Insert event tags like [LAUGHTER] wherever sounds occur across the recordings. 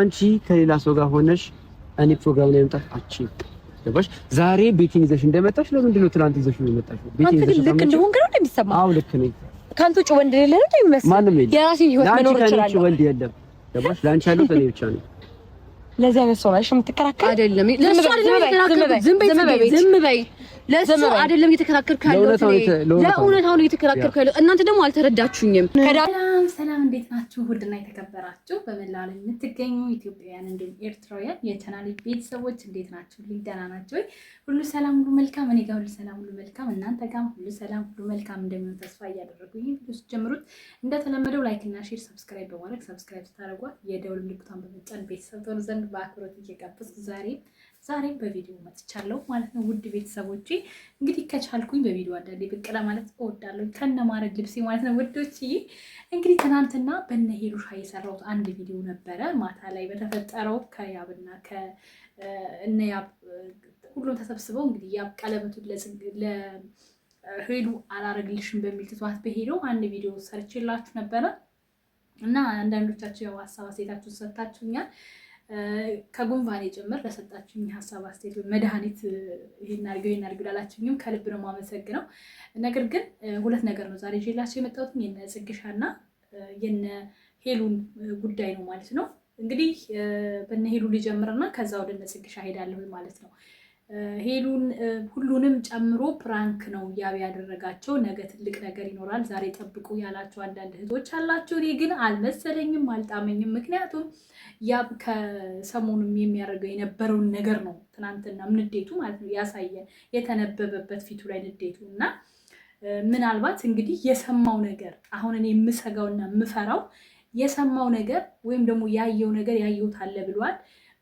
አንቺ ከሌላ ሰው ጋር ሆነሽ እኔ ፕሮግራም ላይ መምጣት አቺ ገባሽ? ዛሬ ቤቴን ይዘሽ እንደመጣሽ ለምንድን ነው ትናንት ይዘሽ ነው የመጣሽ? ቤቴን ይዘሽ ልክ እንደሆንክ ነው የሚሰማው። አዎ ልክ ነኝ። ከአንተ ወንድ ሌለ ነው የሚመስለው። ማንም የለም። የራሴ ህይወት መኖር እችላለሁ። ወንድ የለም። ገባሽ? ለአንቺ ያለው እኔ ብቻ ነው። ለዚህ አይነት ሰው ላይሽ እሺ፣ የምትከራከር አይደለም። ለእሱ አይደለም የተከራከርኩት። ዝም በይ ዝም በይ። ለሱ አይደለም የተከራከርኩ ያለሁት፣ ለእውነታው ነው የተከራከርኩ ያለሁት። እናንተ ደግሞ አልተረዳችሁኝም ከዳ ሰላም ሰላም፣ እንዴት ናችሁ? ውድና የተከበራችሁ በመላው ዓለም የምትገኙ ኢትዮጵያውያን እንዲሁም ኤርትራውያን የቻናል ቤተሰቦች እንዴት ናችሁ? ልኝ ደህና ናቸው ወይ? ሁሉ ሰላም፣ ሁሉ መልካም። እኔ ጋር ሁሉ ሰላም፣ ሁሉ መልካም። እናንተ ጋር ሁሉ ሰላም፣ ሁሉ መልካም እንደሚሆን ተስፋ እያደረጉ ይህ ቪዲዮ ጀምሩት። እንደተለመደው ላይክ እና ሼር፣ ሰብስክራይብ በማድረግ ሰብስክራይብ ስታደርጓ የደውል ምልክቷን በመጫን ቤተሰብ ተሆኑ ዘንድ በአክብሮት እየጋበዝኩ ዛሬ ዛሬም በቪዲዮ መጥቻለሁ ማለት ነው። ውድ ቤተሰቦች እንግዲህ ከቻልኩኝ በቪዲዮ አንዳንዴ ብቅ ለማለት እወዳለሁ ከነ ማረግ ልብሴ ማለት ነው። ውዶች እንግዲህ ትናንትና በነ ሄሉሻ የሰራሁት አንድ ቪዲዮ ነበረ ማታ ላይ በተፈጠረው ከያብና ከእነ ያብ ሁሉም ተሰብስበው እንግዲህ ያብ ቀለበቱን ለሄሉ አላረግልሽም በሚል ትቷት በሄደው አንድ ቪዲዮ ሰርችላችሁ ነበረ እና አንዳንዶቻችሁ ያው ሀሳብ አስተያየታችሁን ሰጥታችሁኛል። ከጉንፋኔ ጭምር ለሰጣችሁኝ ሀሳብ አስተያየት መድኃኒት ይሄን አድርገው ይሄን አድርገው ላላችሁኝም ከልብ ነው የማመሰግነው። ነገር ግን ሁለት ነገር ነው ዛሬ ይዤላችሁ የመጣሁት የነ ጽግሻ ጽግሻና የነ ሄሉን ጉዳይ ነው ማለት ነው። እንግዲህ በነ ሄሉ ሊጀምርና ከዛ ወደ እነ ጽግሻ ሄዳለሁ ማለት ነው። ሄሉን ሁሉንም ጨምሮ ፕራንክ ነው ያብ ያደረጋቸው። ነገ ትልቅ ነገር ይኖራል፣ ዛሬ ጠብቁ ያላቸው አንዳንድ እህቶች አላቸው። እኔ ግን አልመሰለኝም፣ አልጣመኝም። ምክንያቱም ያብ ከሰሞኑም የሚያደርገው የነበረውን ነገር ነው። ትናንትና ንዴቱ ማለት ነው ያሳየን፣ የተነበበበት ፊቱ ላይ ንዴቱ እና ምናልባት እንግዲህ የሰማው ነገር አሁን እኔ የምሰጋውና የምፈራው የሰማው ነገር ወይም ደግሞ ያየው ነገር ያየሁት አለ ብሏል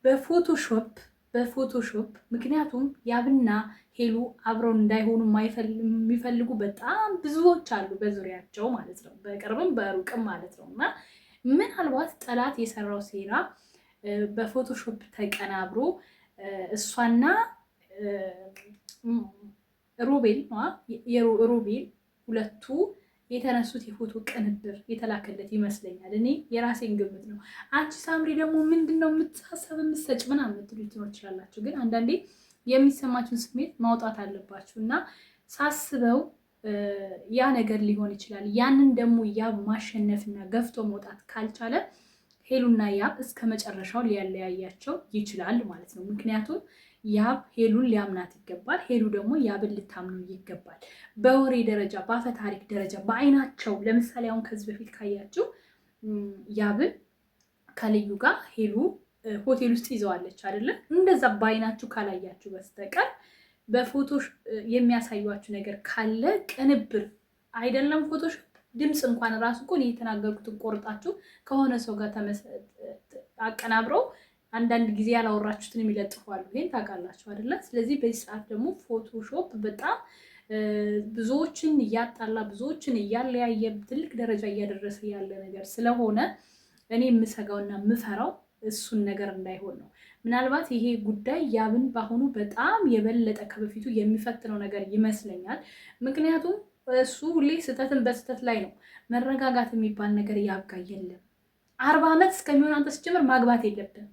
በፎቶሾፕ በፎቶሾፕ ምክንያቱም ያብና ሄሉ አብረው እንዳይሆኑ የሚፈልጉ በጣም ብዙዎች አሉ በዙሪያቸው ማለት ነው፣ በቅርብም በሩቅም ማለት ነው። እና ምናልባት ጠላት የሰራው ሴራ በፎቶሾፕ ተቀናብሮ እሷና ሮቤል የሮቤል ሁለቱ የተነሱት የፎቶ ቅንብር የተላከለት ይመስለኛል። እኔ የራሴን ግምት ነው። አንቺ ሳምሪ ደግሞ ምንድን ነው የምትሳሰብ የምትሰጭ ምናምን የምትሉ ትችላላችሁ። ግን አንዳንዴ የሚሰማችሁን ስሜት ማውጣት አለባችሁ እና ሳስበው ያ ነገር ሊሆን ይችላል። ያንን ደግሞ ያ ማሸነፍና ገፍቶ መውጣት ካልቻለ ሄሉና ያ እስከ መጨረሻው ሊያለያያቸው ይችላል ማለት ነው ምክንያቱም ያብ ሄሉን ሊያምናት ይገባል። ሄሉ ደግሞ ያብን ልታምኑ ይገባል። በወሬ ደረጃ፣ በአፈ ታሪክ ደረጃ፣ በአይናቸው ለምሳሌ አሁን ከዚህ በፊት ካያችሁ ያብን ከልዩ ጋር ሄሉ ሆቴል ውስጥ ይዘዋለች አይደለም። እንደዛ በአይናችሁ ካላያችሁ በስተቀር በፎቶ የሚያሳዩችሁ ነገር ካለ ቅንብር አይደለም ፎቶሽ ድምፅ እንኳን ራሱ እኮ የተናገርኩትን ቆርጣችሁ ከሆነ ሰው ጋር አቀናብረው አንዳንድ ጊዜ ያላወራችሁትን የሚለጥፉ አሉ። ይሄን ታውቃላችሁ አይደለ? ስለዚህ በዚህ ሰዓት ደግሞ ፎቶሾፕ በጣም ብዙዎችን እያጣላ ብዙዎችን እያለያየ ትልቅ ደረጃ እያደረሰ ያለ ነገር ስለሆነ እኔ የምሰጋውና የምፈራው እሱን ነገር እንዳይሆን ነው። ምናልባት ይሄ ጉዳይ ያብን በአሁኑ በጣም የበለጠ ከበፊቱ የሚፈትነው ነገር ይመስለኛል። ምክንያቱም እሱ ሁሌ ስህተትን በስህተት ላይ ነው። መረጋጋት የሚባል ነገር ያብጋ የለም። አርባ ዓመት እስከሚሆን አንተ ስጀምር ማግባት የለብን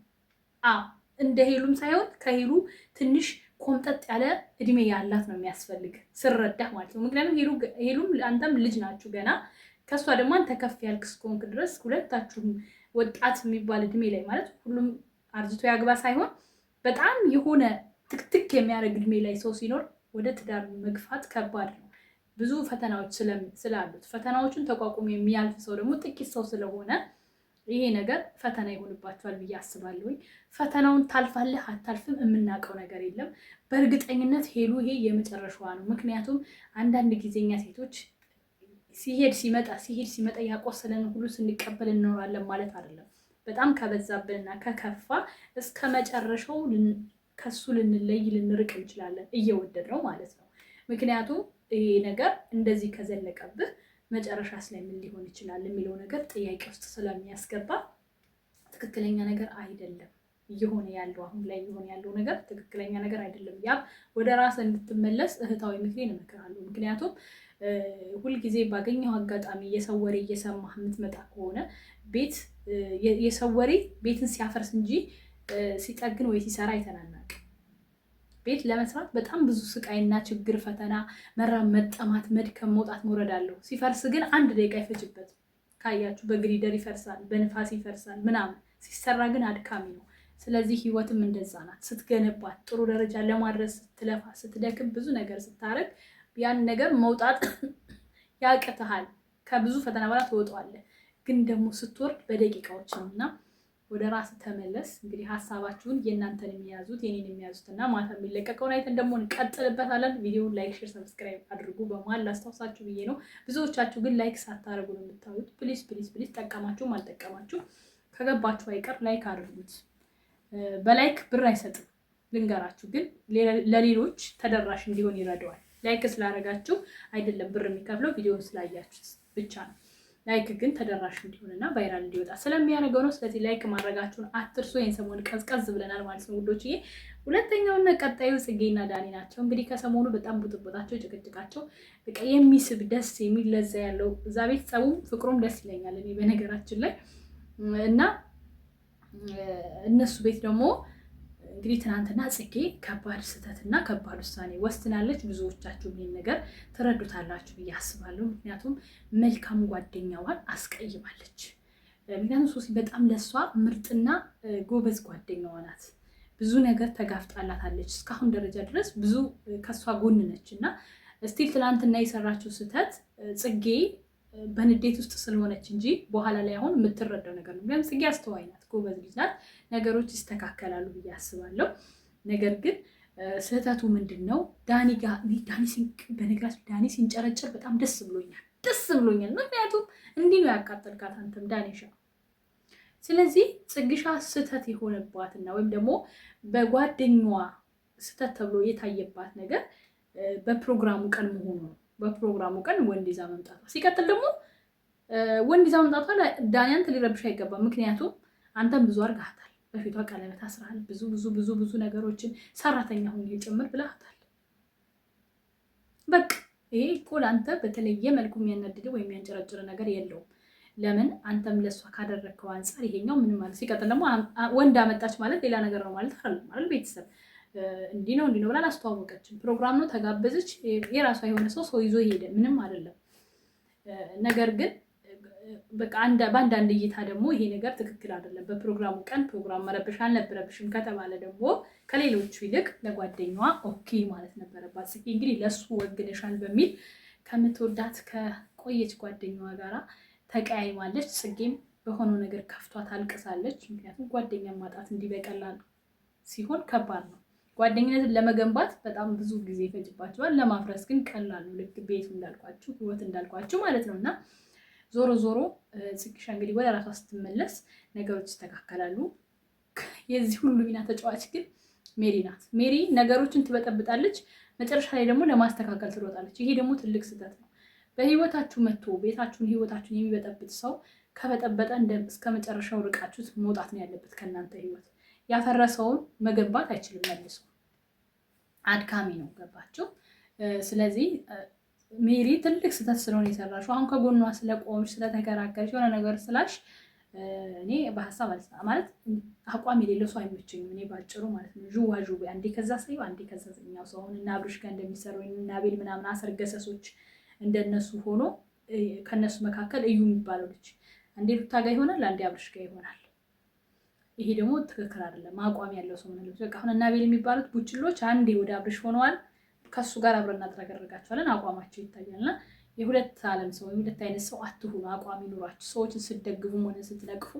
እንደ ሄሉም ሳይሆን ከሄሉ ትንሽ ኮምጠጥ ያለ እድሜ ያላት ነው የሚያስፈልግ ስረዳህ ማለት ነው። ምክንያቱም ሄሉም አንተም ልጅ ናችሁ ገና ከእሷ ደግሞ አንተ ከፍ ያልክ እስከሆንክ ድረስ ሁለታችሁም ወጣት የሚባል እድሜ ላይ ማለት ሁሉም አርጅቶ ያግባ ሳይሆን በጣም የሆነ ትክትክ የሚያደርግ እድሜ ላይ ሰው ሲኖር ወደ ትዳር መግፋት ከባድ ነው። ብዙ ፈተናዎች ስላሉት ፈተናዎቹን ተቋቁሞ የሚያልፍ ሰው ደግሞ ጥቂት ሰው ስለሆነ ይሄ ነገር ፈተና ይሆንባቸዋል ብዬ አስባለሁኝ። ፈተናውን ታልፋለህ አታልፍም የምናውቀው ነገር የለም። በእርግጠኝነት ሄሉ ይሄ የመጨረሻዋ ነው። ምክንያቱም አንዳንድ ጊዜኛ ሴቶች ሲሄድ ሲመጣ ሲሄድ ሲመጣ ያቆሰለን ሁሉ ስንቀበል እንኖራለን ማለት አይደለም። በጣም ከበዛብንና ከከፋ እስከ መጨረሻው ከሱ ልንለይ ልንርቅ እንችላለን፣ እየወደድ ነው ማለት ነው። ምክንያቱም ይሄ ነገር እንደዚህ ከዘለቀብህ መጨረሻስ ላይ ምን ሊሆን ይችላል የሚለው ነገር ጥያቄ ውስጥ ስለሚያስገባ ትክክለኛ ነገር አይደለም። እየሆነ ያለው አሁን ላይ እየሆነ ያለው ነገር ትክክለኛ ነገር አይደለም። ያ ወደ ራስ እንድትመለስ እህታዊ ምክሬን እመክራለሁ። ምክንያቱም ሁልጊዜ ባገኘው አጋጣሚ የሰው ወሬ እየሰማህ የምትመጣ ከሆነ ቤት የሰው ወሬ ቤትን ሲያፈርስ እንጂ ሲጠግን ወይ ሲሰራ አይተናናቅ ቤት ለመስራት በጣም ብዙ ስቃይና ችግር፣ ፈተና፣ መራ፣ መጠማት፣ መድከም፣ መውጣት መውረድ አለው። ሲፈርስ ግን አንድ ደቂቃ ይፈጅበት ካያችሁ፣ በግሪደር ይፈርሳል፣ በንፋስ ይፈርሳል ምናምን። ሲሰራ ግን አድካሚ ነው። ስለዚህ ህይወትም እንደዛ ናት። ስትገነባት ጥሩ ደረጃ ለማድረስ ስትለፋ፣ ስትደክም፣ ብዙ ነገር ስታረግ ያን ነገር መውጣት [CLEARS THROAT] ያቅትሃል። ከብዙ ፈተና በኋላ ትወጣዋለህ። ግን ደግሞ ስትወርድ በደቂቃዎች ነው እና ወደ ራስ ተመለስ። እንግዲህ ሀሳባችሁን የእናንተን የሚያዙት የኔን እና ማታ የሚለቀቀውን አይተን ደግሞ እንቀጥልበታለን። ቪዲዮውን ላይክ፣ ሼር፣ ሰብስክራይብ አድርጉ በመሀል ላስታውሳችሁ ብዬ ነው። ብዙዎቻችሁ ግን ላይክ ሳታደርጉ ነው የምታዩት። ፕሊስ ፕሊስ ፕሊስ፣ ጠቀማችሁም አልጠቀማችሁም ከገባችሁ አይቀር ላይክ አድርጉት። በላይክ ብር አይሰጥም ልንገራችሁ፣ ግን ለሌሎች ተደራሽ እንዲሆን ይረዳዋል። ላይክ ስላደረጋችሁ አይደለም ብር የሚከፍለው ቪዲዮን ስላያችሁት ብቻ ነው። ላይክ ግን ተደራሽ እንዲሆንና ቫይራል እንዲወጣ ስለሚያደርገው ነው። ስለዚህ ላይክ ማድረጋችሁን አትርሱ። ይህን ሰሞን ቀዝቀዝ ብለናል ማለት ነው ውዶችዬ። ሁለተኛውና ቀጣዩ ጽጌና ዳኒ ናቸው። እንግዲህ ከሰሞኑ በጣም ቡጥቦታቸው፣ ጭቅጭቃቸው በቃ የሚስብ ደስ የሚል ለዛ ያለው እዛ ቤት ጸቡም ፍቅሩም ደስ ይለኛል እኔ በነገራችን ላይ እና እነሱ ቤት ደግሞ እንግዲህ ትናንትና ጽጌ ከባድ ስህተትና ከባድ ውሳኔ ወስናለች። ብዙዎቻችሁ ይህን ነገር ትረዱታላችሁ ብዬ አስባለሁ። ምክንያቱም መልካም ጓደኛዋን አስቀይማለች። ምክንያቱም ሶሲ በጣም ለሷ ምርጥና ጎበዝ ጓደኛዋ ናት። ብዙ ነገር ተጋፍጣላታለች። እስካሁን ደረጃ ድረስ ብዙ ከሷ ጎን ነች እና ስቲል ትናንትና የሰራችው ስህተት ጽጌ በንዴት ውስጥ ስለሆነች እንጂ በኋላ ላይ አሁን የምትረዳው ነገር ነው። ቢያንስ ጽጌ አስተዋይ ናት፣ ጎበዝ ልጅ ናት። ነገሮች ይስተካከላሉ ብዬ አስባለሁ። ነገር ግን ስህተቱ ምንድን ነው? ዳኒ ጋር በነገራችን ዳኒ ሲንጨረጨር በጣም ደስ ብሎኛል፣ ደስ ብሎኛል። ምክንያቱም እንዲህ ነው ያቃጠልካት አንተም ዳኒሻ። ስለዚህ ጽግሻ ስህተት የሆነባትና ወይም ደግሞ በጓደኛዋ ስህተት ተብሎ የታየባት ነገር በፕሮግራሙ ቀን መሆኑ ነው በፕሮግራሙ ቀን ወንድ ይዛ መምጣቷ። ሲቀጥል ደግሞ ወንድ ይዛ መምጣቷ ዳንያን ሊረብሽ አይገባም። ምክንያቱም አንተም ብዙ አድርገሃታል። በፊቷ ቀለበት አስራሃል። ብዙ ብዙ ብዙ ብዙ ነገሮችን ሰራተኛ ሁን ጭምር ብለሃታል። በቃ ይሄ እኮ ለአንተ በተለየ መልኩ የሚያናድድ ወይም የሚያንጨረጭር ነገር የለውም። ለምን አንተም ለእሷ ካደረግከው አንጻር ይሄኛው ምንም ማለት ሲቀጥል ደግሞ ወንድ አመጣች ማለት ሌላ ነገር ነው ማለት አይደለም። ቤተሰብ እንዲህ ነው እንዲህ ነው ብላ አስተዋወቀችን። ፕሮግራም ነው ተጋበዘች። የራሷ የሆነ ሰው ሰው ይዞ ሄደ። ምንም አይደለም። ነገር ግን በአንዳንድ እይታ ደግሞ ይሄ ነገር ትክክል አይደለም። በፕሮግራሙ ቀን ፕሮግራም መረብሽ አልነበረብሽም ከተባለ ደግሞ ከሌሎቹ ይልቅ ለጓደኛዋ ኦኬ ማለት ነበረባት። ስኪ እንግዲህ ለእሱ ወግነሻል በሚል ከምትወዳት ከቆየች ጓደኛዋ ጋራ ተቀያይማለች። ጽጌም በሆነው ነገር ከፍቷ ታልቅሳለች። ምክንያቱም ጓደኛ ማጣት እንዲህ በቀላል ሲሆን ከባድ ነው። ጓደኝነትን ለመገንባት በጣም ብዙ ጊዜ ይፈጅባቸዋል። ለማፍረስ ግን ቀላል ነው። ልክ ቤት እንዳልኳችሁ፣ ህይወት እንዳልኳችሁ ማለት ነው እና ዞሮ ዞሮ ጽጌሻ እንግዲህ ወደ ራሷ ስትመለስ ነገሮች ይስተካከላሉ። የዚህ ሁሉ ሚና ተጫዋች ግን ሜሪ ናት። ሜሪ ነገሮችን ትበጠብጣለች፣ መጨረሻ ላይ ደግሞ ለማስተካከል ትሮጣለች። ይሄ ደግሞ ትልቅ ስህተት ነው። በህይወታችሁ መጥቶ ቤታችሁን ህይወታችሁን የሚበጠብጥ ሰው ከበጠበጠ እስከ መጨረሻው ርቃችሁት መውጣት ነው ያለበት ከእናንተ ህይወት ያፈረሰውን መገንባት አይችልም መልሶ አድካሚ ነው። ገባችሁ? ስለዚህ ሜሪ ትልቅ ስህተት ስለሆነ የሰራሽው አሁን ከጎኗ ስለቆምሽ ስለተከራከርሽ የሆነ ነገር ስላሽ እኔ በሀሳብ አልሳ ማለት አቋም የሌለው ሰው አይመቸኝም። እኔ ባጭሩ ማለት ነው ዥዋ ዥዌ አንዴ ከዛ ሰዩ አንዴ ከዛ ሰኛው ሰው አሁን እና አብርሽ ጋር እንደሚሰሩ እና ቤል ምናምን አሰርገሰሶች እንደነሱ ሆኖ ከነሱ መካከል እዩ የሚባለው ልጅ አንዴ ሩታ ጋ ይሆናል፣ አንዴ አብርሽ ጋ ይሆናል። ይሄ ደግሞ ትክክል አይደለም። አቋም ያለው ሰው ምን በቃ አሁን እና ቤል የሚባሉት ቡችሎች አንዴ ወደ አብርሽ ሆነዋል። ከሱ ጋር አብረን እናጥረገርጋቸዋለን። አቋማቸው ይታያልና የሁለት ዓለም ሰው የሁለት አይነት ሰው አትሁኑ። አቋም ይኑራችሁ። ሰዎችን ስትደግፉም ሆነ ስትለቅፉ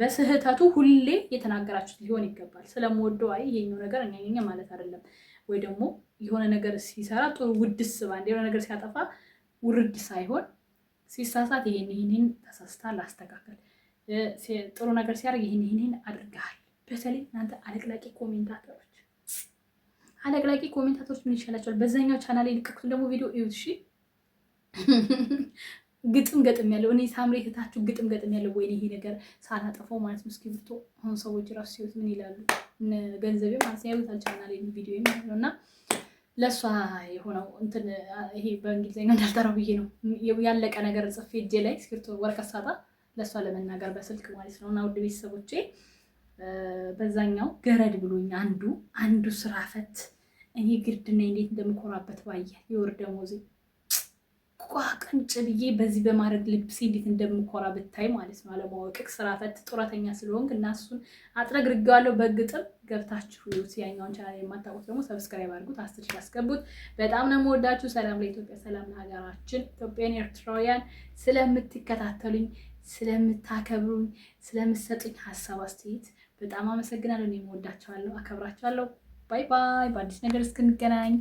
በስህተቱ ሁሌ የተናገራችሁት ሊሆን ይገባል። ስለምወደው አይ ይሄኛው ነገር እኛ እኛኛ ማለት አይደለም ወይ ደግሞ የሆነ ነገር ሲሰራ ጥሩ ውድስ ባንድ የሆነ ነገር ሲያጠፋ ውርድ ሳይሆን ሲሳሳት ይሄን ይሄን ተሳስታ ላስተካከል ጥሩ ነገር ሲያደርግ ይህን ይህንን አድርገሃል። በተለይ እናንተ አለቅላቂ ኮሜንታተሮች አለቅላቂ ኮሜንታተሮች ምን ይሻላቸዋል? በዛኛው ቻናል የልቀኩትን ደግሞ ቪዲዮ እዩት። እሺ [LAUGHS] ግጥም ገጥም ያለው እኔ ሳምሬ እህታችሁ ግጥም ገጥም ያለው ወይ ይሄ ነገር ሳላጠፋው ማለት ነው። እስክሪብቶ አሁን ሰዎች ራሱ ሲዩት ምን ይላሉ? ገንዘቤ ማለት ያዩታል ቻናል ቪዲዮ ማለት ነው እና ለእሷ የሆነው እንትን ይሄ በእንግሊዝኛ እንዳልጠራው ብዬ ነው ያለቀ ነገር ጽፌ እጄ ላይ እስክሪብቶ ወረቀት ሳጣ ለእሷ ለመናገር በስልክ ማለት ነው። እና ውድ ቤተሰቦቼ በዛኛው ገረድ ብሎኝ አንዱ አንዱ ስራ ፈት እኔ ግርድና እንዴት እንደምኮራበት ባየ የወር ደሞዜ ቋቅንጭ ብዬ በዚህ በማድረግ ልብሴ እንዴት እንደምኮራ ብታይ ማለት ነው። አለማወቅክ ስራ ፈት ጡረተኛ ስለሆንክ እና እሱን አጥረግ ርጌዋለሁ። በግጥም ገብታችሁ ዩት ያኛውን ቻናል የማታውቁት ደግሞ ሰብስክራይብ አድርጉት፣ አስር ሺህ አስገቡት። በጣም ነው የምወዳችሁ። ሰላም ለኢትዮጵያ፣ ሰላም ለሀገራችን። ኢትዮጵያን ኤርትራውያን ስለምትከታተሉኝ ስለምታከብሩኝ፣ ስለምሰጡኝ ሀሳብ አስተያየት በጣም አመሰግናለሁ። እኔም ወዳቸዋለሁ፣ አከብራቸዋለሁ። ባይ ባይ። በአዲስ ነገር እስክንገናኝ